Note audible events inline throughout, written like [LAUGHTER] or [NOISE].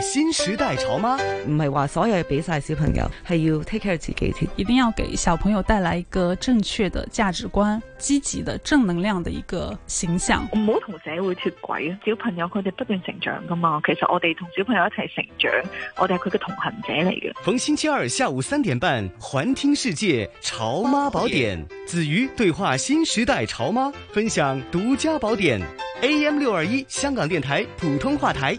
新時代潮媽，唔係話所有嘅比賽小朋友係要 take care 自己，一定要給小朋友帶來一個正確的價值觀、積極的正能量的一個形象，唔好同社會脱軌啊！小朋友佢哋不斷成長噶嘛，其實我哋同小朋友一齊成長，我哋係佢嘅同行者嚟嘅。逢星期二下午三點半，環聽世界潮媽寶典，子瑜對話新時代潮媽，分享獨家寶典。AM 六二一，香港電台普通話台。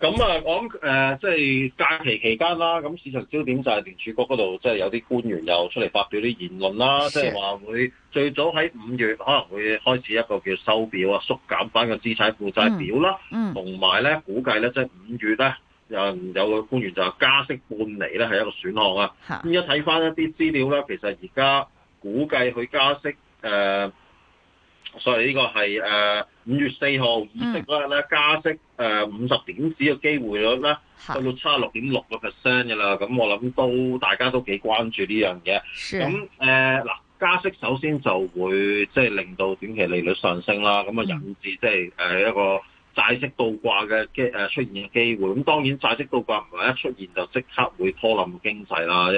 咁啊，我誒即係假期期間啦，咁市場焦點就係聯儲局嗰度，即、就、係、是、有啲官員又出嚟發表啲言論啦，即係話會最早喺五月可能會開始一個叫收表啊，縮減翻個資產負債表啦。同埋咧，估計咧，即係五月咧，有有個官員就話加息半釐咧係一個選項啊。咁是一睇翻一啲資料咧，其實而家估計佢加息誒、呃，所以呢個係誒。呃5月4五月四號議息嗰日咧，嗯、加息誒五十點子嘅機會率咧，去到七十六點六個 percent 嘅啦。咁是我諗都大家都幾關注呢樣嘢。咁誒嗱，加息首先就會即係、就是、令到短期利率上升啦。咁啊引致即係誒一個債息倒掛嘅機誒出現嘅機會。咁當然債息倒掛唔係一出現就即刻會拖冧經濟啦。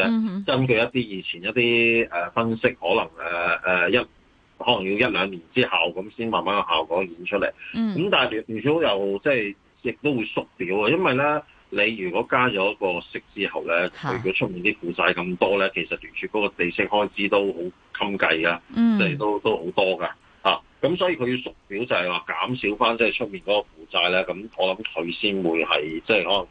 根據、嗯、哼一啲以前一啲誒分析，可能誒誒一可能要一兩年之後咁先慢慢個效果演出嚟。咁、嗯、但係聯儲又即係亦都會縮表啊，因為咧你如果加咗個息之後咧，佢如果出面啲負債咁多咧，其實聯儲嗰個利息開支都好襟計啊，即係都都好多㗎嚇。咁所以佢要縮表就係話減少翻即係出面嗰個負債咧。咁我諗佢先會係即係可能誒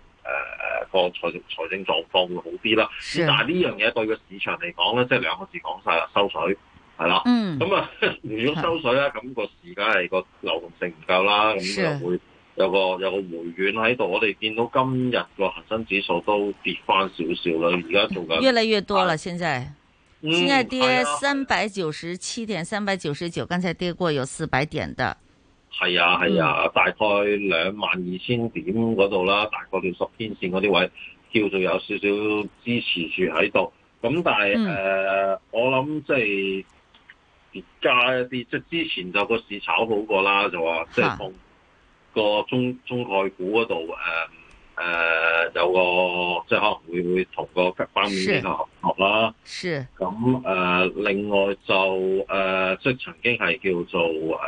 個、呃、財政財政狀況會好啲啦。是但係呢樣嘢對個市場嚟講咧，即係兩個字講晒啦，收水。係啦，咁啊，如果收水咧，咁個時間係個流動性唔夠啦，咁就會有個有個回軟喺度。我哋見到今日個恒生指數都跌翻少少啦，而家做緊。越來越多啦，現在，現在跌三百九十七點，三百九十九，剛才跌過有四百點的。係啊係啊，大概兩萬二千點嗰度啦，大概六十天線嗰啲位叫做有少少支持住喺度。咁但係誒，我諗即係。加一啲，即係之前就個市炒好過啦，就話即係同個中中概股嗰度誒誒有個即係可能會會同個方面嘅合作啦。是咁誒、呃。另外就誒即係曾經係叫做誒。呃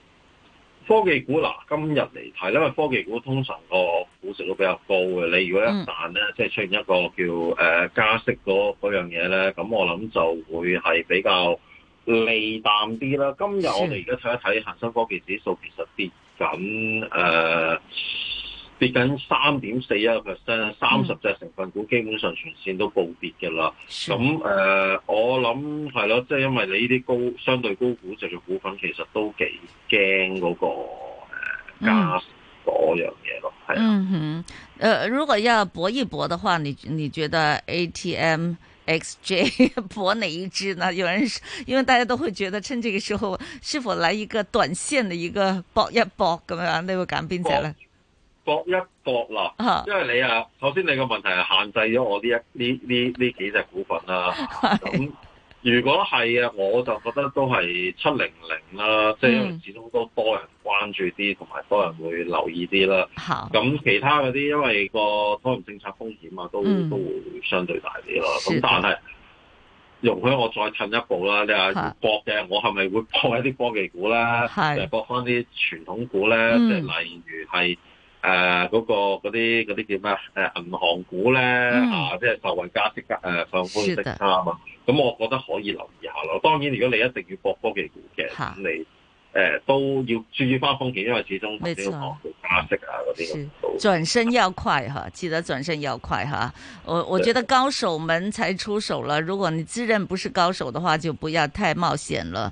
科技股嗱、啊，今日嚟睇，因為科技股通常個股值都比較高嘅。你如果一旦咧，mm. 即係出現一個叫、呃、加息嗰樣嘢咧，咁我諗就會係比較利淡啲啦。今日我哋而家睇一睇恒生科技指數，其實跌緊，誒。呃跌緊三點四一個 percent，三十隻成分股基本上全線都暴跌嘅啦。咁誒是、呃，我諗係咯，即係、就是、因為你呢啲高相對高估值嘅股份，其實都幾驚嗰個誒、呃、加嗰樣嘢咯。係啊、嗯，誒的、嗯呃，如果要搏一搏嘅話，你你覺得 A T M X J 呵呵搏哪一支呢？有人因為大家都會覺得趁呢個時候是否來一個短線嘅一個搏一搏咁樣，那個、呢個揀邊隻咧？搏一搏啦，因為你啊，頭先你個問題係限制咗我呢一呢呢呢幾隻股份啦。咁是如果係啊，我就覺得都係七零零啦，即係、嗯、始終都多人關注啲，同埋多人會留意啲啦。咁是其他嗰啲，因為個推油政策風險啊，都、嗯、都會相對大啲啦。咁但係容許我再趁一步啦，你話搏嘅，是我係咪會博一啲科技股咧？即係搏翻啲傳統股咧？即係是、嗯、例如係。誒，嗰個嗰啲啲叫咩？誒，銀行股咧啊，即係受惠加息加誒，上半息加啊嘛。咁我覺得可以留意下咯。當然，如果你一定要博科技股嘅，咁你誒都要注意翻風險，因為始終頭先講到加息啊嗰啲。轉身要快哈，記得轉身要快哈。我我覺得高手們才出手喇，如果你自認不是高手的話，就不要太冒險喇。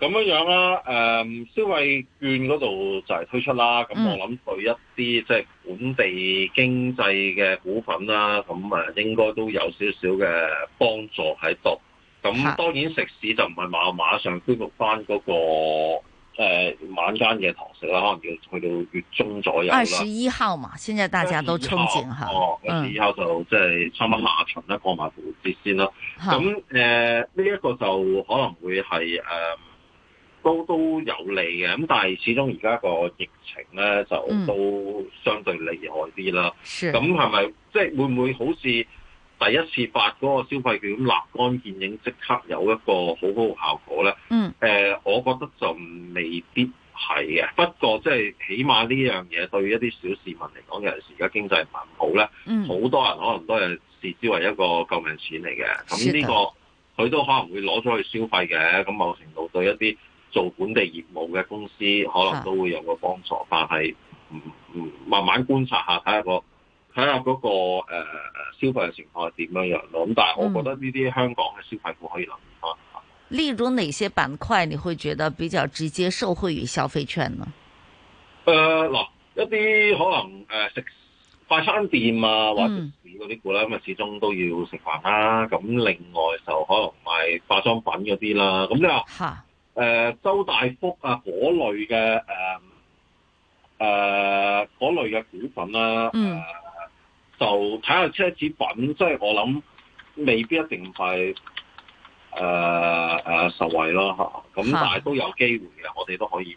咁樣啦、啊，誒、嗯、消費券嗰度就係推出啦。咁我諗對一啲即係本地經濟嘅股份啦、啊，咁誒、嗯、應該都有少少嘅幫助喺度。咁當然食肆就唔係馬上恢復翻、那、嗰個、呃、晚間嘅堂食啦，可能要去到月中左右。二十一號嘛，現在大家都憧憬下。二十一號，嗯、二十一號就即係差唔多下旬啦，過埋節先啦。咁誒呢一個就可能會係都都有利嘅，咁但係始終而家個疫情咧、嗯、就都相對厲害啲啦。咁係咪即係會唔會好似第一次發嗰個消費券立竿見影，即刻有一個好好嘅效果咧？誒、嗯呃，我覺得就未必係嘅。不過即係起碼呢樣嘢對一啲小市民嚟講，尤其是而家經濟唔好咧，好、嗯、多人可能都係視之為一個救命錢嚟嘅。咁呢個佢都可能會攞咗去消費嘅。咁某程度對一啲做本地業務嘅公司可能都會有個幫助，啊、但係唔唔慢慢觀察下，睇下、個睇下嗰個誒、呃、消費嘅情況係點樣樣咯。咁但係我覺得呢啲香港嘅消費股可以諗返、嗯、例如哪些板塊，你會覺得比較直接受惠於消費券呢？誒嗱、呃，一啲可能誒、呃、食快餐店啊，或者嗰啲股啦，嗯、因為始終都要食飯啦、啊。咁另外就可能賣化妝品嗰啲啦。咁你話吓誒、呃，周大福啊，嗰類嘅誒誒，呃、那類嘅股份啦、啊，嗯，呃、就睇下奢侈品，即、就、係、是、我諗未必一定係誒誒受惠咯，吓，咁但係都有機會嘅，啊、我哋都可以諗。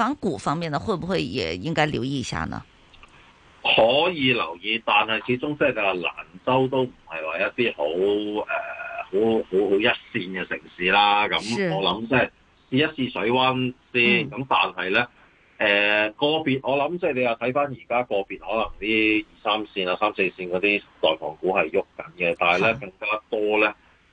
港股方面呢，會唔會也應該留意一下呢？可以留意，但係始終即係話蘭州都唔係話一啲好誒好好好一線嘅城市啦。咁我諗即係試一試水溫先。咁是，但係呢，誒、呃、個別，我諗即係你又睇翻而家個別可能啲二三線啊、三四線嗰啲代房股係喐緊嘅，但係呢是更加多呢。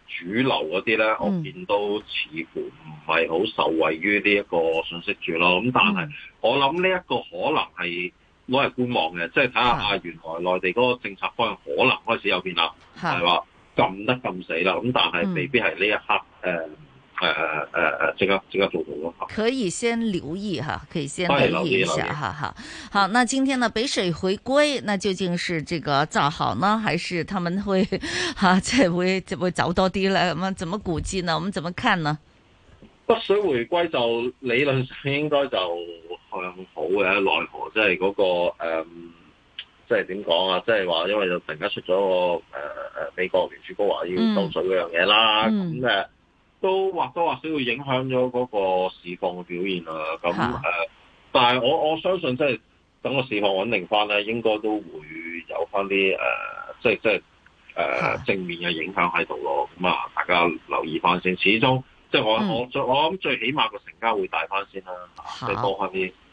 主流嗰啲咧，我見都、嗯、似乎唔係好受惠於呢一個信息柱咯。咁但係、嗯、我諗呢一個可能係攞嚟觀望嘅，即係睇下啊，原來內地嗰個政策方向可能開始有變啦，係話是的 禁得禁死啦。咁但係未必係呢一刻。嗯嗯誒誒誒誒，即、呃呃、刻即刻做做咯，可以先留意哈，可以先留意一下，哈哈。好，那今天呢北水回歸，那究竟是這個造好呢，還是他們會，哈、啊，再會再會走多啲嚟？我們怎麼估計呢？我們怎麼看呢？北水回歸就理論上應該就向好嘅，奈何即係嗰個誒、嗯就是，即係點講啊？即係話因為就突然間出咗個誒誒，美國聯儲局話要倒水嗰樣嘢啦，咁誒、嗯。嗯都或多或少會影響咗嗰個市況嘅表現啦、啊。咁誒的、呃，但係我我相信，即係等個市況穩定翻咧，應該都會有翻啲誒，即係即係誒、呃、的正面嘅影響喺度咯。咁啊，大家留意翻先。始終即係我、嗯、我最我諗最起碼個成交會大翻先啦、啊，即係多翻啲。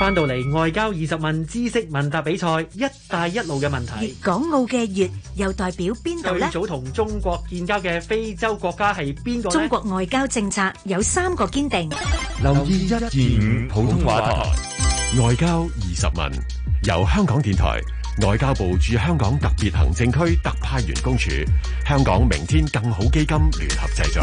翻到嚟外交二十問知識問答比賽，一帶一路嘅問題。粵港澳嘅粵又代表邊度咧？最早同中國建交嘅非洲國家係邊個咧？中國外交政策有三個堅定。留意一、二、五普通話台，外交二十問由香港電台、外交部駐香港特別行政區特派員公署、香港明天更好基金聯合製作。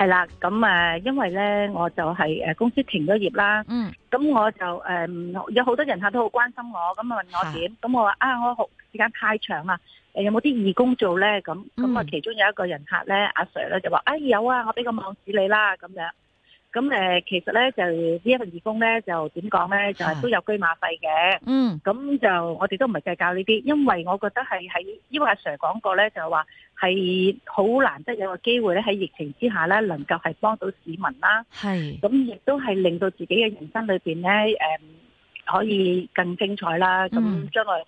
係啦，咁誒，因為咧，我就係誒公司停咗業啦，咁、嗯、我就誒有好多人客都好關心我，咁問我點，咁的我話啊，我好時間太長啦，誒，有冇啲義工做咧？咁咁啊，其中有一個人客咧，阿 Sir 咧就話，哎有啊，我俾個網址你啦，咁樣。咁、呃、其實咧就呢一份義工咧，就點講咧，就係、是、都有車馬費嘅。嗯，咁就我哋都唔係計較呢啲，因為我覺得係喺，因為阿 Sir 講過咧，就係話係好難得有個機會咧，喺疫情之下咧，能夠係幫到市民啦。咁亦是都係令到自己嘅人生裏面咧，呃可以更精彩啦！咁、嗯、將來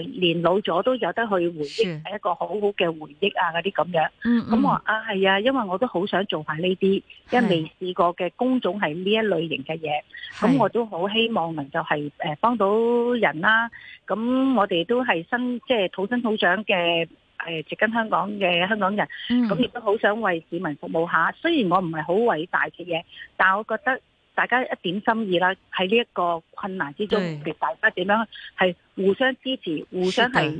誒年、呃、老咗都有得去回憶，係是一個好好嘅回憶啊！嗰啲咁樣，咁我話、嗯、啊係啊，因為我都好想做下呢啲，是因為未試過嘅工種係呢一類型嘅嘢，咁是我都好希望能夠係、是、誒、呃、幫到人啦、啊。咁我哋都係新即係、就是、土生土長嘅誒植根香港嘅香港人，咁亦、嗯、都好想為市民服務一下。雖然我唔係好偉大嘅嘢，但係我覺得。大家一點心意啦，喺呢一個困難之中，對大家點樣係互相支持、互相係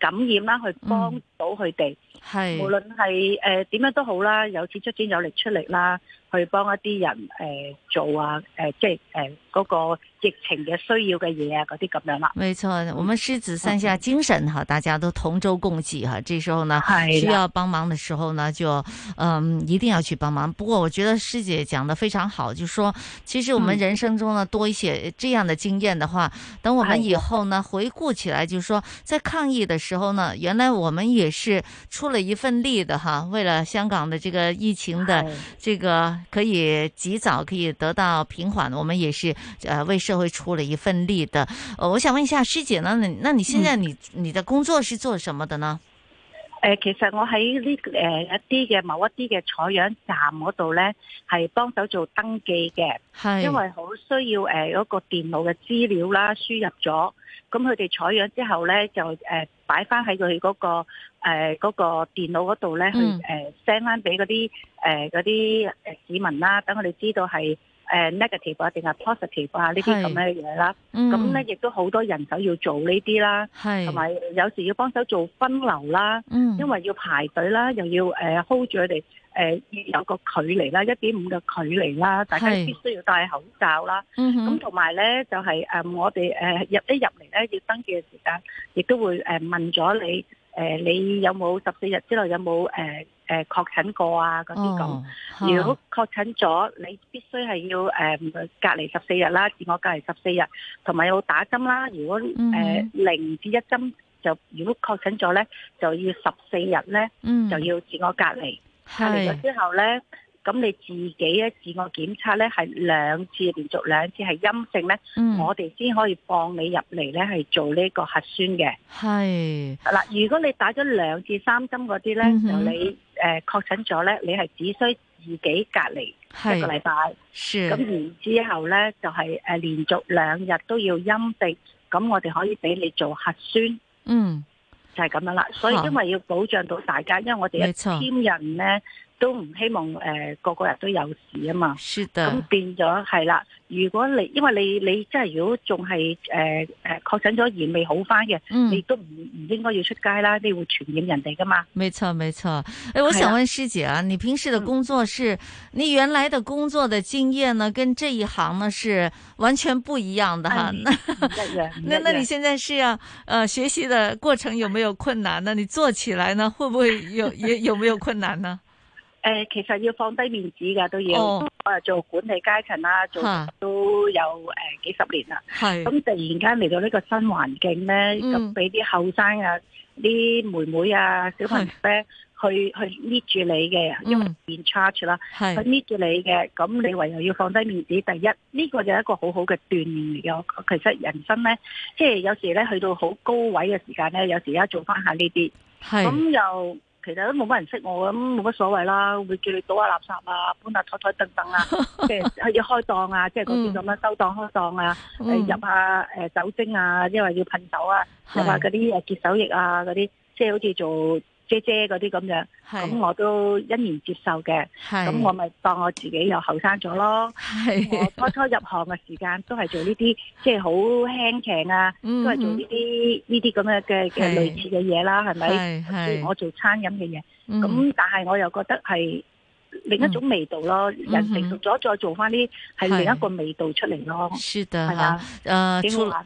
感染啦，的去幫到佢哋。係、嗯、無論係誒點樣都好啦，有錢出錢，有力出力啦，去幫一啲人、呃、做啊！呃、即係誒嗰個。疫情的需要的嘢啊，嗰啲咁樣啦。沒錯，我們獅子山下精神哈，嗯、大家都同舟共濟哈。這時候呢，的需要幫忙的時候呢，就嗯一定要去幫忙。不過我覺得師姐講得非常好，就說其實我們人生中呢、嗯、多一些這樣的經驗的話，等我們以後呢、哎、呀回顧起來就是，就說在抗疫的時候呢，原來我們也是出了一份力的哈。為了香港的這個疫情的這個的可以及早可以得到平緩，我們也是呃為。社會出了一份力的，我想問一下師姐，那你那你現在你、嗯、你的工作是做什麼的呢？誒、呃，其實我喺呢誒一啲嘅某一啲嘅採樣站嗰度呢，係幫手做登記嘅，是因為好需要誒嗰、呃嗰個電腦嘅資料啦，輸入咗，咁佢哋採樣之後呢，就誒、呃、擺翻喺佢嗰個誒嗰、呃嗰個電腦嗰度呢，嗯、去誒 send 翻俾嗰啲誒嗰啲市民啦，等佢哋知道係。呃、negative 啊，定係 positive 啊，呢啲咁嘅嘢啦，咁咧、嗯嗯、亦都好多人手要做呢啲啦，同埋是有，有時要幫手做分流啦，嗯、因為要排隊啦，又要誒、呃、hold 住佢哋要有個距離啦，一點五嘅距離啦，大家必須要戴口罩啦，咁同埋咧就係、是、誒、呃、我哋誒、呃、入一入嚟咧要登記嘅時間，亦都會誒、呃、問咗你。誒、呃，你有冇十四日之內有冇誒誒確診過啊？嗰啲咁，如果確診咗，你必須係要誒、呃、隔離十四日啦，自我隔離十四日，同埋要打針啦。如果誒零、呃、至一針就，如果確診咗咧，就要十四日咧，嗯、就要自我隔離。是隔離咗之後咧。咁你自己咧，自我檢測咧，係兩次連續兩次係陰性咧，嗯、我哋先可以放你入嚟咧，係做呢個核酸嘅。係是，啦，如果你打咗兩次三針嗰啲咧，嗯、哼就你誒確診咗咧，你係只需自己隔離一個禮拜，咁然之後咧就係、是、誒連續兩日都要陰性，咁我哋可以俾你做核酸。嗯，就係咁樣啦。所以因為要保障到大家，錯因為我哋一千人咧。都唔希望誒，個、呃、個人都有事啊嘛。是的。咁變咗係啦，如果你因為你你真係如果仲係誒誒確診咗而未好返嘅，你都唔唔應該要出街啦，你會傳染人哋噶嘛沒錯，沒錯。誒，我想問師姐啊，的你平時的工作是，嗯、你原來的工作的經驗呢，跟這一行呢是完全不一樣的哈。那那那你現在是要，呃學習的過程有沒有困難呢？ [LAUGHS] 你做起來呢，會不會有也有沒有困難呢？ [LAUGHS] 誒，其實要放低面子噶都要，哦、做管理階層啦，做都有誒幾十年啦。係咁、啊、突然間嚟到呢個新環境咧，咁俾啲後生啊，啲妹妹啊，小朋友咧，去去搣住你嘅，因為變 charge 啦，是去搣住你嘅。咁你唯有要放低面子，第一呢、呢個就係一個好好嘅鍛煉嚟嘅。我其實人生咧，即係有時咧去到好高位嘅時間咧，有時而家做翻下呢啲，咁是又。其實都冇乜人識我咁，冇乜所謂啦。會叫你倒下垃圾啊，搬下枱枱凳凳啊，即係 [LAUGHS] 要開檔啊，即係嗰啲咁樣收檔開檔啊，嗯、入下誒酒精啊，因為要噴酒啊，又話嗰啲誒潔手液啊，嗰啲即係好似做。姐姐嗰啲咁樣，咁我都欣然接受嘅。咁我咪當我自己又後生咗咯。我初初入行嘅時間都係做呢啲即係好輕騎啊，都係做呢啲呢啲咁樣嘅嘅類似嘅嘢啦，係咪？我做餐飲嘅嘢，咁但係我又覺得係另一種味道咯。人成熟咗再做翻啲係另一個味道出嚟咯。係啊，幾好啦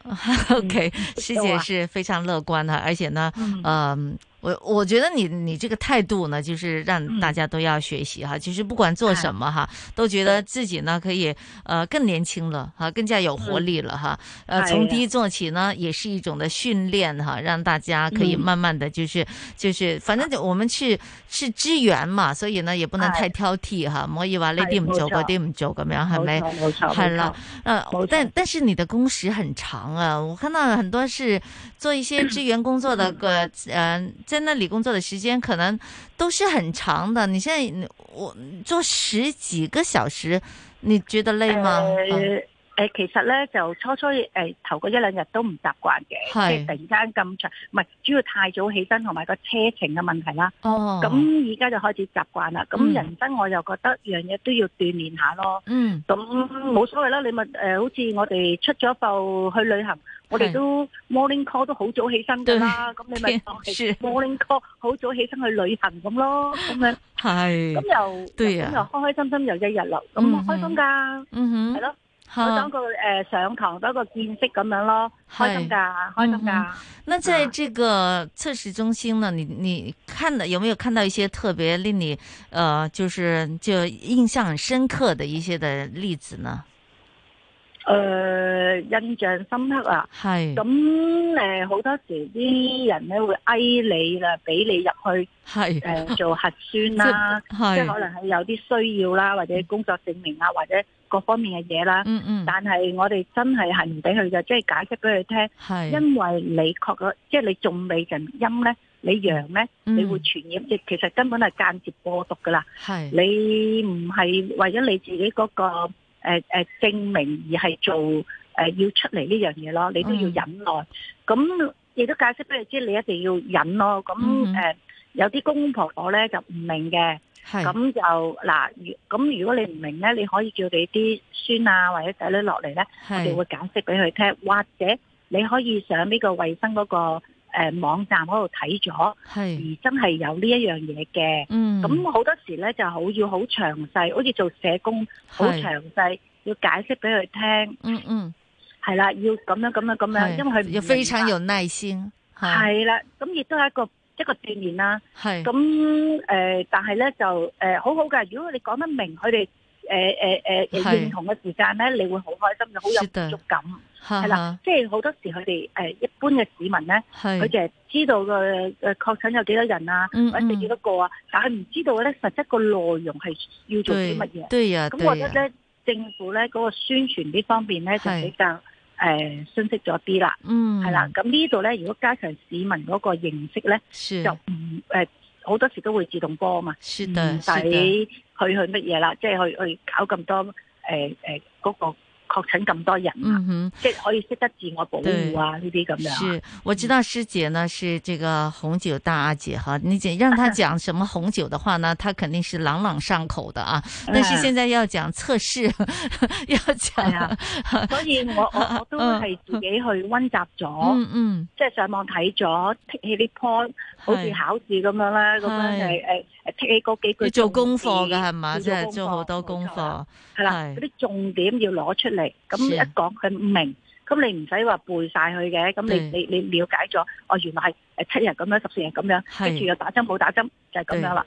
OK，師姐係非常樂觀啊，而且呢，誒。我我覺得你你這個態度呢，就是讓大家都要學習哈，就是不管做什麼哈，都覺得自己呢可以呃更年輕了哈，更加有活力了哈。呃，從低做起呢，也是一種的訓練哈，讓大家可以慢慢的就是就是，反正我們去去支援嘛，所以呢也不能太挑剔哈，唔可以話呢啲唔做，嗰啲唔做，咁樣係咪？冇錯，冇錯，係啦。呃，但但是你的工時很長啊，我看到很多是做一些支援工作的個嗯。在那裏工作的時間可能都是很長的，你現在我做十幾個小時，你覺得累嗎？誒、呃呃、其實呢，就初初誒、呃、頭個一兩日都唔習慣嘅，即係突然間咁長，唔係主要太早起身同埋個車程嘅問題啦。哦，咁而家就開始習慣啦。咁人生我又覺得樣嘢都要鍛煉下咯。嗯，咁冇、嗯嗯、所謂啦，你咪誒、呃，好似我哋出咗埠去旅行。我哋都 morning call 都好早起身噶啦，咁你咪 morning call 好早起身去旅行咁咯，咁樣係，咁又對啊，咁又開開心心又一日啦咁開心噶，嗯哼，係咯，當個誒上堂當個見識咁樣咯，開心噶，開心噶。那在這個測試中心呢，你你看到有沒有看到一些特別令你，呃，就是就印象深刻的一些的例子呢？誒，印象深刻啊！係咁誒，好多時啲人咧會嗌你啦，俾你入去係誒做核酸啦，即係可能係有啲需要啦，或者工作證明啊，或者各方面嘅嘢啦。嗯嗯。但係我哋真係係唔俾佢嘅，即係解釋俾佢聽，係因為你確診，即係你仲未人陰咧，你陽咧，你會傳染。即係其實根本係間接播毒噶啦。係你唔係為咗你自己嗰個。誒誒，證明而係做誒，要出嚟呢樣嘢咯，你都要忍耐，啊。咁亦、嗯、都解釋俾你知，你一定要忍咯，啊。咁誒、嗯嗯呃，有啲公公婆婆咧就唔明嘅，咁是就嗱，咁如果你唔明咧，你可以叫你啲孫啊或者仔女落嚟咧，是我哋會解釋俾佢聽，或者你可以上呢個衛生嗰、嗰個。誒，網站嗰度睇咗，而真係有呢一樣嘢嘅。咁好多時咧，就好要好詳細，好似做社工，好詳細要解釋俾佢聽。嗯嗯，係啦，要咁樣咁樣咁樣，因為佢要非常有耐心。係啦，咁亦都係一個一個鍛鍊啦。係咁誒，但係咧就誒好好嘅，如果你講得明，佢哋。誒誒誒，認同嘅時間咧，你會好開心嘅，好有滿足感係啦。即係好多時佢哋誒，一般嘅市民咧，佢淨係知道個誒確診有幾多人啊，嗯嗯、或者幾多個啊，但係唔知道咧實質個內容係要做啲乜嘢。對，咁我覺得咧，呢呀政府咧嗰，那個宣傳呢方面咧就比較誒清晰咗啲啦。嗯，係啦。咁呢度咧，如果加強市民嗰個認識咧，是就唔。誒、呃。好多時都會自動播嘛，但係去去乜嘢啦，即係去去搞咁多誒誒嗰個。確診咁多人，嗯哼，即係可以識得自我保護啊！呢啲咁樣。是，我知道師姐呢是這個紅酒大阿姐哈，你姐讓她講什麼紅酒的話呢，她肯定是朗朗上口的啊。但是現在要講測試，要講呀。所以，我我我都係自己去溫習咗，嗯嗯，即係上網睇咗剔起啲 point，好似考試咁樣啦。咁樣係誒。貼起嗰幾句做功課噶係嘛，即係做好多功課，係啦，嗰啲重點要攞出嚟。咁你一講佢唔明，咁你唔使話背晒佢嘅，咁你你你了解咗，哦，原來係誒七日咁樣，十四日咁樣，跟住又打針冇打針，就係咁樣啦。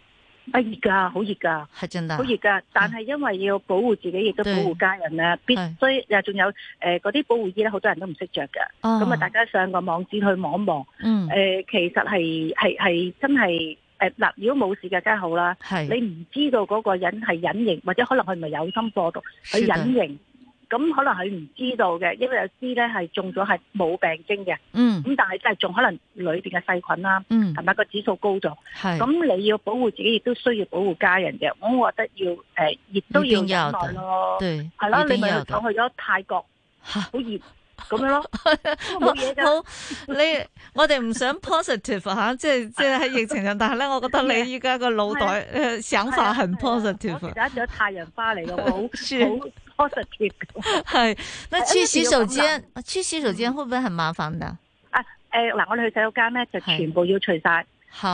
好熱噶，好熱噶，係真係好熱噶。但係因為要保護自己，亦都的保護家人啊，必須仲有誒，嗰、呃、啲保護衣咧，好多人都唔識着嘅。咁啊，大家上個網址去望一望。嗯。誒、呃，其實係係係真係誒，嗱、呃，如果冇事嘅梗係好啦。係的。你唔知道嗰個人係隱形，或者可能佢唔係有心播毒，佢隱形。咁可能佢唔知道嘅，因為有啲咧係中咗係冇病徵嘅，嗯，咁但係真係仲可能裏邊嘅細菌啦，嗯，係咪個指數高咗？係，咁你要保護自己，亦都需要保護家人嘅，我覺得要誒，亦、呃、都要忍耐咯，係啦，你咪走去咗泰國，好熱。咁樣咯，冇嘢啫。好，你我哋唔想 positive 吓，即係即係喺疫情上，但係咧，我覺得你依家個腦袋想法很 positive。而家變咗太陽花嚟嘅，好好 positive。係，那去洗手間，去洗手間會唔會很麻煩啊？啊誒，嗱，我哋去洗手間咧，就全部要除晒，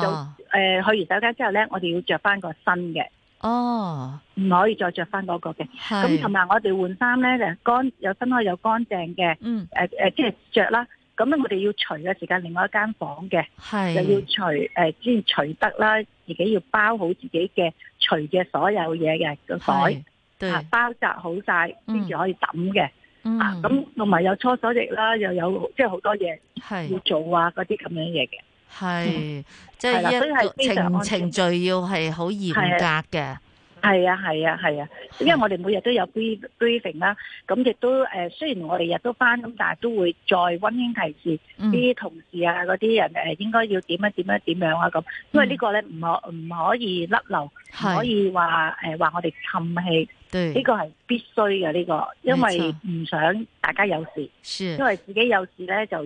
就誒去完洗手間之後咧，我哋要着翻個新嘅。哦，唔、oh, 可以再着翻嗰個嘅，咁同埋我哋換衫呢，就乾，又分開又乾淨嘅，嗯，誒、呃、即係着啦。咁咧我哋要除嘅時間另外一間房嘅，係又是要除誒，先、呃、除得啦，自己要包好自己嘅除嘅所有嘢嘅個袋，對啊、包紮好晒，先至可以抌嘅，嗯、啊，咁同埋有搓手液啦，又有即係好多嘢係要做啊，嗰啲咁樣嘢嘅。係，是嗯、即係一個程是程序要係好嚴格嘅。係啊，係啊，係啊，是啊是因為我哋每日都有 briefing 啦，咁亦都誒，雖然我哋日都翻，咁但係都會再溫馨提示啲、嗯、同事啊，嗰啲人誒，應該要點樣啊，點樣啊，點樣啊，咁，因為這個呢個咧唔可唔可以甩漏，嗯、唔可以話誒話我哋氹氣，呢對個係必須嘅呢個，因為唔想大家有事，是因為自己有事咧就。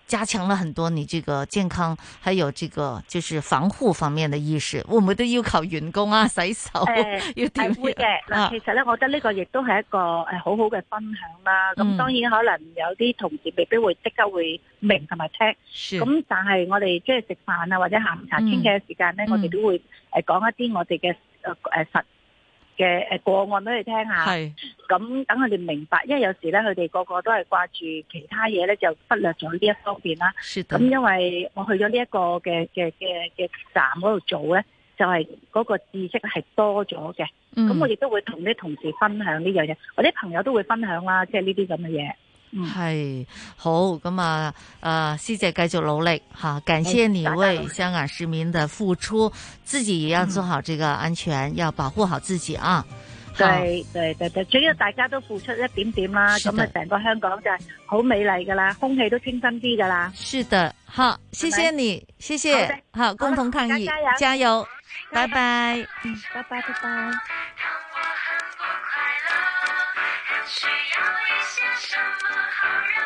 加強了很多你這個健康，還有這個就是防護方面的意識。我們都要求員工啊洗手，要點、欸、會嘅的。嗱、啊，其實咧，我覺得呢個亦都係一個誒好好嘅分享啦。咁、嗯、當然可能有啲同事未必會即刻會明同埋聽。咁是但係我哋即係食飯啊或者下午茶傾嘅時間咧，嗯、我哋都會誒講一啲我哋嘅誒誒實。嘅誒個案俾你聽下，咁等佢哋明白，因為有時咧佢哋個個都係掛住其他嘢咧，就忽略咗呢一方面啦。咁的因為我去咗呢一個嘅嘅嘅嘅站嗰度做咧，就係、是、嗰個知識係多咗嘅。咁、嗯、我亦都會同啲同事分享呢樣嘢，我啲朋友都會分享啦，即係呢啲咁嘅嘢。係、嗯、好咁啊！誒，師、呃、姐繼續努力吓，感謝你為香港市民的付出，自己也要做好這個安全，嗯、要保護好自己啊！對對對係，只要大家都付出一點點啦、啊，咁啊的成個香港就係好美麗噶啦，空氣都清新啲噶啦。是的，好，謝謝你，Bye. 謝謝，Okay. 好，共同抗疫加油，拜拜，嗯拜拜，拜拜。我很快樂需要一些什麼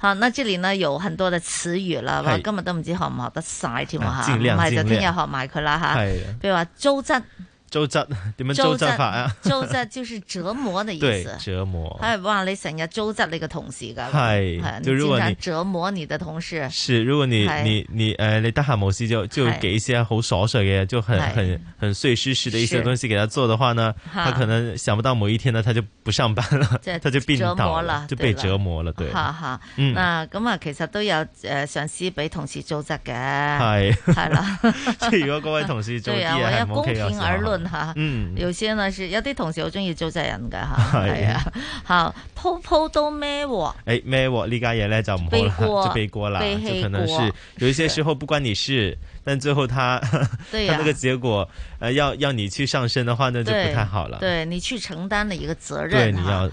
吓， [NOISE] 那這裏呢，有很多的詞語啦，我今日都唔知學唔學得晒添吓，唔係、啊、就聽日學埋佢啦吓。譬如話租質。周質點樣？周質法啊？周質就是折磨的意思。對，折磨。係哇，你成日周質你個同事噶，係係。如果你折磨你的同事。是，如果你你你誒，你得閒冇事就就給一些好瑣碎嘅，就很很很碎碎事的一些東西給他做嘅話呢，他可能想不到某一天呢，他就不上班啦，他就被折磨就被折磨啦，對。吓吓，嗯，咁啊，其實都有誒，上司俾同事周質嘅，係係啦。即係如果各位同事中意啊公平而論。問下，廖先女士，有啲同事好中意組織人嘅哈，係啊吓鋪鋪都孭鑊，誒孭鑊，呢家嘢咧就唔好啦，就背鍋啦，就可能是有一些時候不關你事，但最後他對他那個結果要要你去上身的話，那就不太好了。對，你去承擔一個責任，你要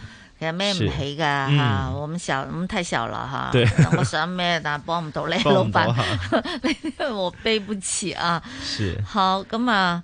孭唔起噶？哈，我們小，我們太小了。哈，對，我想孭都幫唔到你，老闆，我背不起啊。是好咁啊。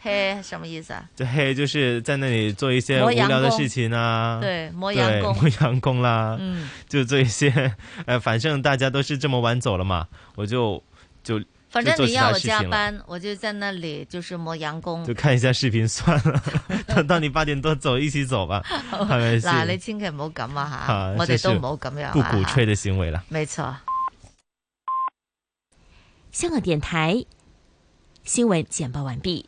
嘿，什麼意思啊？就嘿就是在那裡做一些無聊的事情啊。對，磨洋工，磨洋工啦。嗯，就做一些，呃，反正大家都是這麼晚走了嘛，我就就反正你要我加班，我就在那裡就是磨洋工，就看一下視頻算了。等到你八點多走，一起走吧。好，那，你千祈唔好咁吓，我哋都唔好咁樣。不鼓吹的行為了。沒錯。香港電台新聞簡報完畢。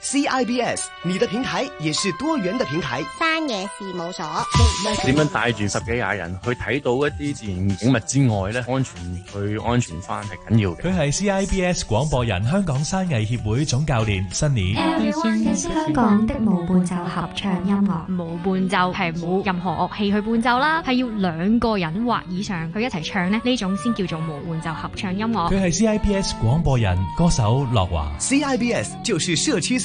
CIBS 你的平台也是多元的平台。山野事務所點樣帶住十幾廿人去睇到一啲自然景物之外咧，安全佢安全翻係緊要嘅。佢係 CIBS 廣播人，香港山藝協會總教練。新年。e v e r y o 的無伴奏合唱音樂，無伴奏係冇任何樂器去伴奏啦，係要兩個人或以上去一齊唱呢。呢種先叫做無伴奏合唱音樂。佢係 CIBS 廣播人，歌手樂華。CIBS 就是 s u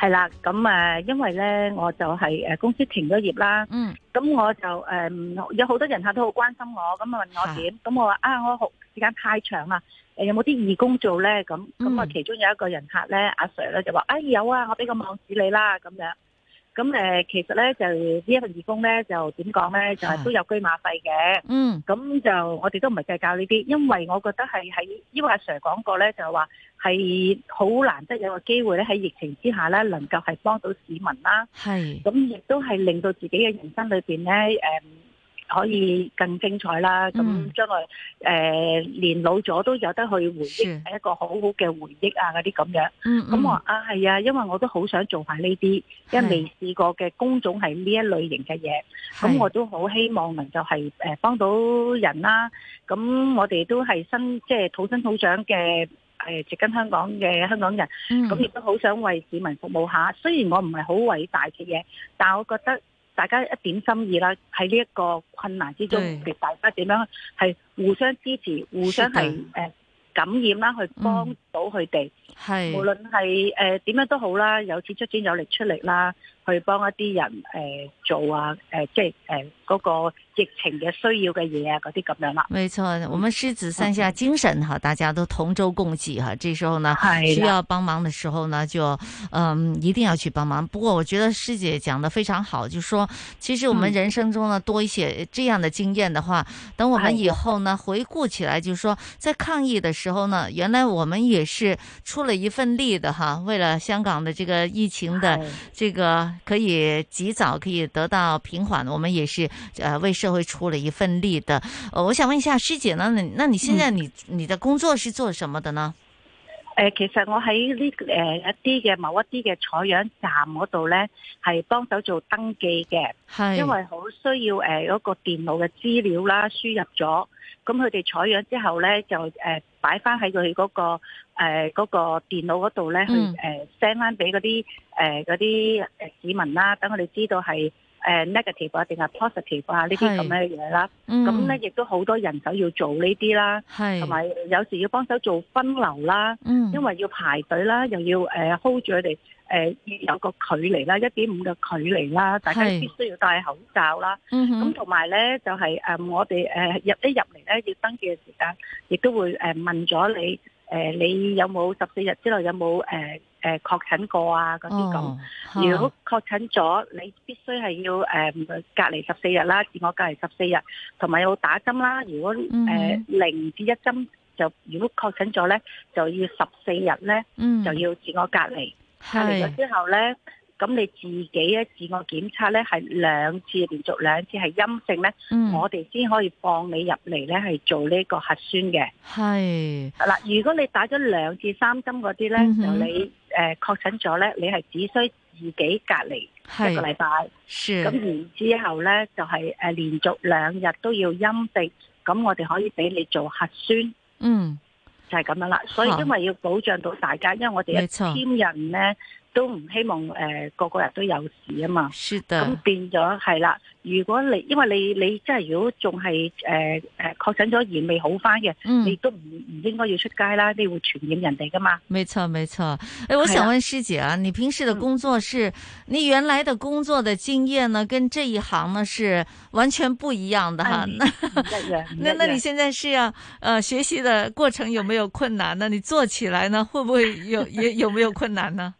係啦，咁誒，因為咧，我就係誒公司停咗業啦，咁、嗯、我就誒有好多人客都好關心我，咁問我點，咁的我話啊，我時間太長啦，誒，有冇啲義工做咧？咁咁啊，其中有一個人客咧，阿 Sir 咧就話，哎有啊，我俾個網址你啦，咁樣。咁、呃、其實咧就呢一份義工咧，就點講咧，就係、是、都有車馬費嘅。嗯，咁就我哋都唔係計較呢啲，因為我覺得係喺，因為阿 Sir 講過咧，就話係好難得有個機會咧，喺疫情之下咧，能夠係幫到市民啦。咁亦是都係令到自己嘅人生裏面咧，呃可以更精彩啦！咁將來誒年、呃、老咗都有得去回憶，係是一個好好嘅回憶啊！嗰啲咁樣，咁、嗯嗯、我啊係啊，因為我都好想做下呢啲，是因為未試過嘅工種係呢一類型嘅嘢，咁是我都好希望能夠係誒幫到人啦、啊。咁我哋都係新即係土生土長嘅誒，住緊、呃、香港嘅香港人，咁亦都好想為市民服務下。雖然我唔係好偉大嘅嘢，但係我覺得。大家一點心意啦，喺呢一個困難之中，對大家點樣係互相支持、互相係誒感染啦，的去幫到佢哋。係、嗯、無論係誒點樣都好啦，有錢出錢，有力出力啦，去幫一啲人誒、呃、做啊！誒、呃、即係誒嗰個。疫情的需要的嘢啊，嗰啲咁樣啦。沒錯，我們獅子山下精神哈，Okay. 大家都同舟共濟哈。這時候呢，的需要幫忙的時候呢，就嗯一定要去幫忙。不過我覺得師姐講得非常好，就說其實我們人生中呢、嗯、多一些這樣的經驗的話，等我們以後呢的回顧起來就是，就說在抗疫的時候呢，原來我們也是出了一份力的哈、啊。為了香港的這個疫情的這個的可以及早可以得到平緩，我們也是呃為社會都會出了一份力的，哦、我想問一下師姐，那你，那你現在你、嗯、你的工作是做什麼的呢？誒、呃，其實我喺呢誒一啲嘅某一啲嘅採樣站嗰度呢，係幫手做登記嘅，是因為好需要誒嗰、呃那個電腦嘅資料啦，輸入咗，咁佢哋採樣之後呢，就誒、呃、擺翻喺佢嗰個誒嗰、呃那個電腦嗰度呢，嗯、去誒 send 翻俾嗰啲誒嗰啲誒市民啦，等佢哋知道係。呃、negative 啊，定係 positive 啊，呢啲咁嘅嘢啦，咁咧亦都好多人手要做呢啲啦，同埋是有，有時要幫手做分流啦，嗯、因為要排隊啦，又要誒、呃、hold 住佢哋要有個距離啦，一點五嘅距離啦，大家必須要戴口罩啦，咁同埋咧就係、是、誒、呃、我哋誒、呃、入一入嚟咧要登記嘅時間，亦都會誒、呃、問咗你。誒、呃，你有冇十四日之內有冇誒誒確診過啊？嗰啲咁，哦、如果確診咗，你必須係要誒、呃、隔離十四日啦，自我隔離十四日，同埋要打針啦。如果誒零、呃、至一針，就如果確診咗咧，就要十四日咧，嗯、就要自我隔離。是隔離咗之後咧。咁你自己咧，自我檢測咧，係兩次連續兩次係陰性咧，嗯、我哋先可以放你入嚟咧，係做呢個核酸嘅。係是，如果你打咗兩至三針嗰啲咧，嗯、哼就你誒確診咗咧，你係只需自己隔離一個禮拜，咁然之後咧就係、是、誒連續兩日都要陰性，咁我哋可以俾你做核酸。嗯，就係咁樣啦。所以因為要保障到大家，嗯、因為我哋一千人咧。都唔希望誒個、呃、個人都有事啊嘛，咁變咗係啦。如果你因為你你即係如果仲係誒誒確診咗而未好翻嘅，你都唔唔應該要出街啦，你會傳染人哋噶嘛。沒錯沒錯。誒、哎、我想問師姐啊，的你平時的工作是，嗯、你原來的工作的經驗呢，跟這一行呢是完全不一樣的哈。那那、嗯、那你現在是要呃學習的過程有沒有困難呢？你做起來呢，會不會有也有沒有困難呢？ [LAUGHS]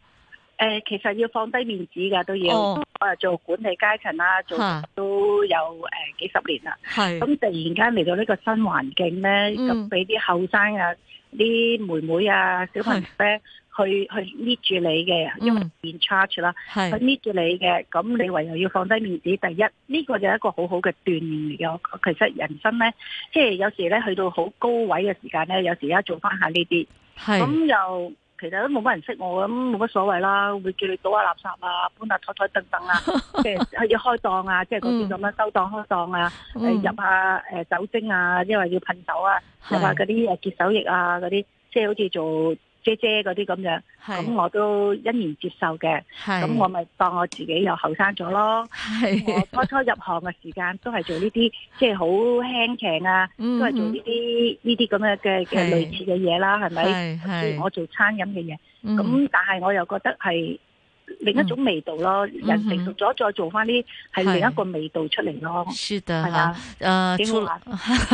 誒，其實要放低面子噶都要，我係、哦、做管理階層啦，做都有誒幾十年啦。係是，咁突然間嚟到呢個新環境咧，咁俾啲後生啊，啲妹妹啊，小朋友咧，去去搣住你嘅，因為變 charge 啦，搣是住你嘅，咁你唯有要放低面子。第一，呢、這個就係一個好好嘅鍛煉嚟嘅㗎。其實人生咧，即係有時咧去到好高位嘅時間咧，有時而家做翻下呢啲，咁是又。其實都冇乜人識我咁，冇乜所謂啦。會叫你倒下垃圾啊，搬下枱枱凳凳啊， [LAUGHS] 啊，即係要、嗯、開檔啊，即係嗰啲咁樣收檔開檔啊，入下誒、呃、酒精啊，因為要噴酒啊，是入下嗰啲誒潔手液啊，嗰啲即係好似做。姐姐嗰啲咁樣，咁我都欣然接受嘅。咁我咪當我自己又後生咗咯。我初初入行嘅時間都係做呢啲即係好輕騎啊，都係做呢啲呢啲咁樣嘅嘅類似嘅嘢啦，係咪？我做餐飲嘅嘢，咁但係我又覺得係另一種味道咯。人成熟咗，再做翻啲係另一個味道出嚟咯。係啊，呃，出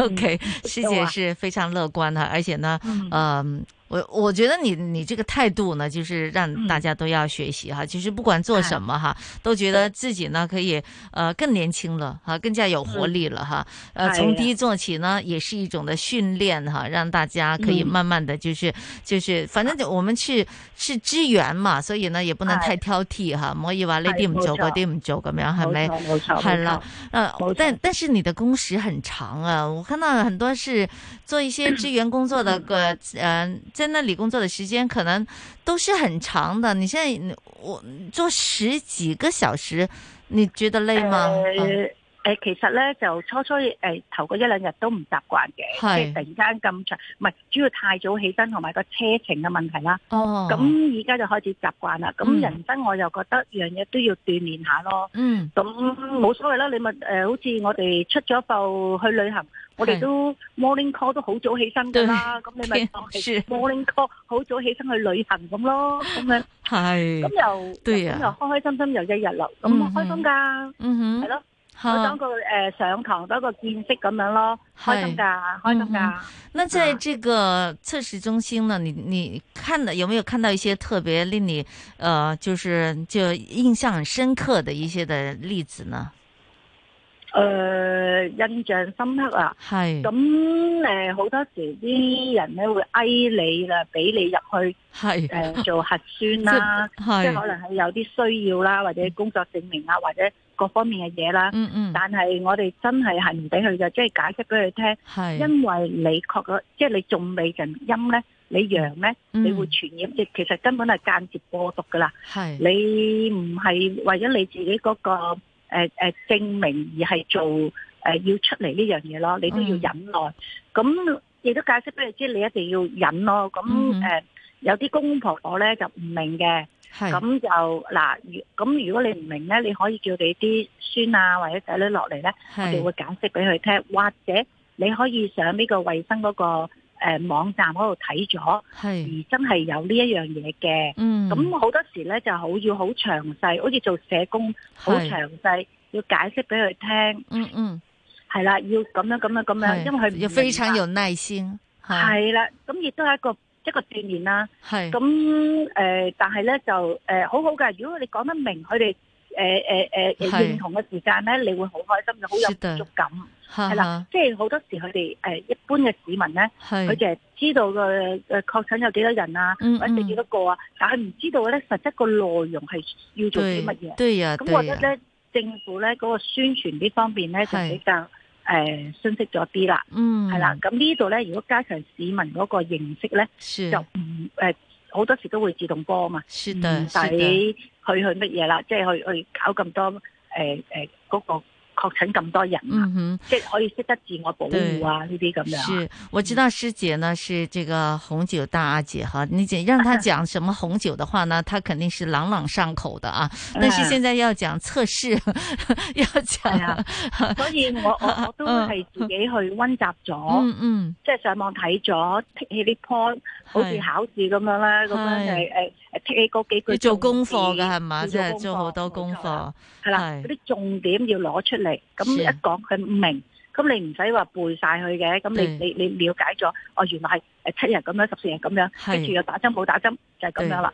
OK，師姐是非常樂觀啊，而且呢，嗯。我我覺得你你這個態度呢，就是讓大家都要學習哈。就是不管做什麼哈，都覺得自己呢可以呃更年輕了哈，更加有活力了哈。呃，從低做起呢，也是一種的訓練哈，讓大家可以慢慢的就是就是，反正就我們去去支援嘛，所以呢也不能太挑剔哈，不可以話呢啲唔做嗰啲唔做咁樣係咪？還沒冇錯呃，但但是你的工時很長啊，我看到很多是做一些支援工作的個嗯。在那裏工作的時間可能都是很長的。你現在我做十幾個小時，你覺得累嗎？誒、呃呃，其實呢，就初初誒、呃、頭嗰一兩日都唔習慣嘅，即係是突然間咁長，唔係主要太早起身同埋個車程嘅問題啦。咁而家就開始習慣啦。咁人生我又覺得樣嘢都要鍛煉下咯。咁冇所謂啦，你咪誒、呃，好似我哋出咗埠去旅行。 [NOISE] 我哋都 morning call 都好早起身噶啦，咁你咪 morning call 好早起身去旅行咁咯，咁樣係，咁又對啊，又開開心心又一日落，咁開心噶，嗯哼，係、嗯、哼咯，當個誒上堂當個見識咁樣咯，開心噶，開心噶、嗯。那在這個測試中心呢，啊、你你看到有沒有看到一些特別令你，呃，就是就印象很深刻的一些的例子呢？誒印象深刻啊！係咁誒，好多時啲人咧會嗌你啦，俾你入去係誒做核酸啦，即係可能係有啲需要啦，或者工作證明啊，或者各方面嘅嘢啦。嗯嗯。但係我哋真係係唔俾佢嘅，即係解釋俾佢聽，係因為你確咗，即係你仲未陣陰咧，你陽咧，你會傳染。即其實根本係間接播毒噶啦。係你唔係為咗你自己嗰個。誒誒，證明而係做誒、呃，要出嚟呢樣嘢咯，你都要忍耐，啊。咁亦、mm hmm. 都解釋俾你知，你一定要忍咯，啊。咁誒、mm hmm. 呃，有啲公公婆婆咧就唔明嘅，咁是就嗱，咁如果你唔明咧，你可以叫你啲孫啊或者仔女落嚟咧，是我哋會解釋俾佢聽，或者你可以上呢個衛生嗰、那個。誒，網站嗰度睇咗，而真係有呢一樣嘢嘅。嗯，咁好多時咧就好要好詳細，好似做社工，好詳細要解釋俾佢聽。嗯嗯，係啦，要咁樣咁樣咁樣，因為佢要非常有耐心。係啦，咁亦都係一個一個鍛鍊啦。係咁誒，但係咧就誒好好嘅，如果你講得明，佢哋。誒誒誒誒，唔同嘅時間咧，你會好開心嘅，好有滿足感，係啦。即係好多時佢哋誒一般嘅市民咧，佢淨係知道個誒確診有幾多人啊，嗯嗯、或者幾多個啊，但係唔知道咧實質個內容係要做啲乜嘢。對啊，咁我覺得咧，呀政府咧嗰個宣傳呢方面咧就比較誒清晰咗啲啦。是呃、嗯，係啦。咁呢度咧，如果加強市民嗰個認識咧，是就唔。誒、呃。好多時都會自動播嘛，但係去去乜嘢啦，即係去去搞咁多誒誒、呃呃嗰個確診咁多人啊，即係可以識得自我保護啊呢啲咁樣。是，我知道師姐呢是這個紅酒大阿姐哈，你姐讓她講什麼紅酒的話呢，她肯定是朗朗上口的啊。但是現在要講測試，要講呀。所以我我我都係自己去溫習咗，嗯嗯，即係上網睇咗，睇啲 point，好似考試咁樣啦，咁樣誒。貼起嗰幾句要做功課噶係嘛？即係做好多功課，係啦，嗰啲重點要攞出嚟。咁一講佢唔明，咁你唔使話背晒佢嘅，咁你你你了解咗，哦，原來係誒七日咁樣，十四日咁樣，跟住又打針冇打針，就係咁樣啦。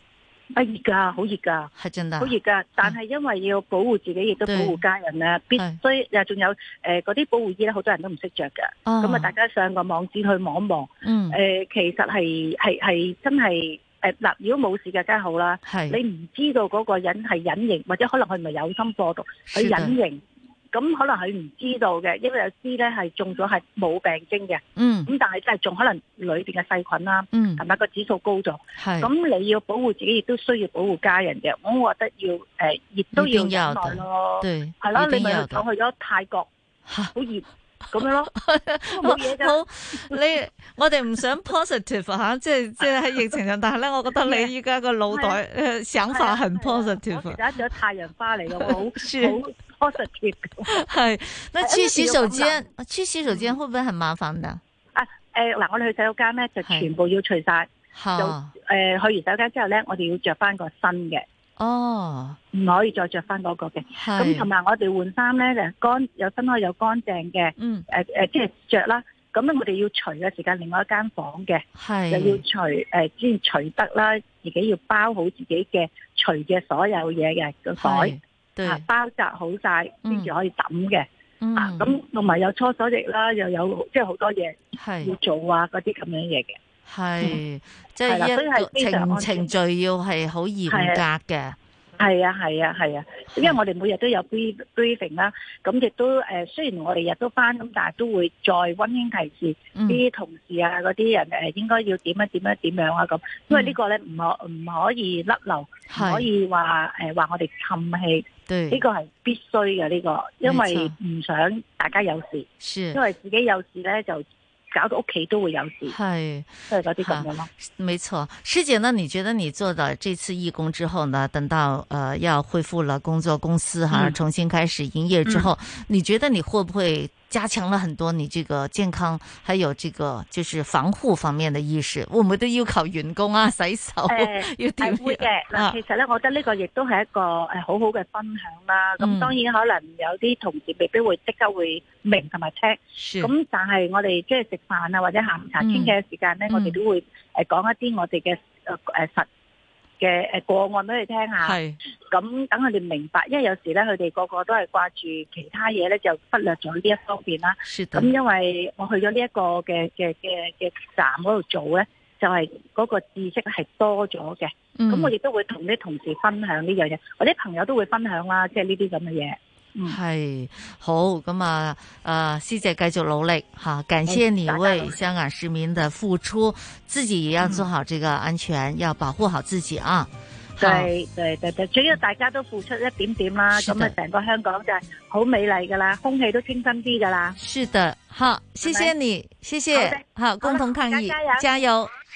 啊熱噶，好熱噶，係真噶，好熱噶。但係因為要保護自己，亦都保護家人啦，必須誒仲有誒嗰啲保護衣咧，好多人都唔識着噶。咁啊，大家上個網址去望一望。嗯。誒，其實係係係真係誒，嗱，如果冇事嘅梗係好啦。係。你唔知道嗰個人係隱形，或者可能佢唔係有心播毒，佢隱形。咁可能佢唔知道嘅，因為有啲咧，係中咗係冇病徵嘅，嗯，咁但係真係仲可能裏邊嘅細菌啦，嗯，係咪個指數高咗？係是，咁你要保護自己，亦都需要保護家人嘅。我覺得要誒，亦、呃、都要忍耐咯，係啦，你咪又走去咗泰國，好熱。 [LAUGHS] 咁樣咯，冇嘢做。 [LAUGHS] 好你我哋唔想 positive 吓、啊， [LAUGHS] 即係即係喺疫情上，但係咧，我覺得你依家個腦袋 Yeah. 想法很 positive。我而家變咗太陽花嚟嘅，好好 positive。係，那去洗手間，去洗手間會唔會很麻煩啊？啊誒嗱，我哋去洗手間咧就全部要除晒，就誒是、呃、去完洗手間之後咧，我哋要着返個新嘅。哦，唔、oh, 可以再著翻嗰個嘅，咁同埋我哋換衫咧就乾，又有分開有乾淨乾淨嘅，誒誒、嗯呃，即係著啦。咁我哋要除嘅時間，另外一間房嘅，又是要除誒，先、呃、除得啦，自己要包好自己嘅除嘅所有嘢嘅個袋，對啊，包紮好晒，先至、嗯、可以抌嘅。嗯、啊，咁同埋有搓手液啦，又有即係好多嘢要做啊，嗰啲咁樣嘢嘅。係，即係一程程序要係好嚴格嘅。係啊，係啊，係啊，因為我哋每日都有 briefing 啦，咁亦都誒，雖然我哋日都返，咁但係都會再溫馨提示啲同事啊，嗰啲人誒，應該要點樣啊，點樣啊，點樣啊，咁，因為呢個咧唔可唔可以甩漏，唔可以話誒話我哋氹氣，呢個係必須嘅呢個，因為唔想大家有事，因為自己有事咧就。搞到屋企都會有事，係都係嗰啲咁樣咯。沒錯，師姐呢，呢你覺得你做到這次義工之後呢？等到呃要恢復了工作公司哈，嗯、重新開始營業之後、嗯、你覺得你會不會加強了很多你這個健康，還有這個就是防護方面的意識。我們都要求員工啊洗手，欸、要點會嘅的。嗱、啊，其實咧，我覺得呢個亦都係一個誒好好嘅分享啦。咁、嗯、當然可能有啲同事未必會即刻會明同埋聽。咁但係我哋即係食飯啊或者下午茶傾偈嘅時間咧，嗯、我哋都會誒講一啲我哋嘅誒誒實。嘅誒個案俾你聽下，咁等佢哋明白，因為有時咧佢哋個個都係掛住其他嘢咧，就忽略咗呢一方面啦。咁的因為我去咗呢一個嘅嘅嘅嘅站嗰度做咧，就係、係、嗰個知識係多咗嘅。咁、嗯、我亦都會同啲同事分享呢樣嘢，我啲朋友都會分享啦，即係呢啲咁嘅嘢。係、嗯、好，咁啊！誒，師、呃、姐繼續努力吓，感謝你為香港市民的付出，自己也要做好這個安全，嗯、要保護好自己啊！係，對對對，只要大家都付出一點點啦，咁啊，成的個香港就係好美麗噶啦，空氣都清新啲噶啦。是的，好，謝謝你，是是，謝謝，好，的好，共同抗疫，加油！加油！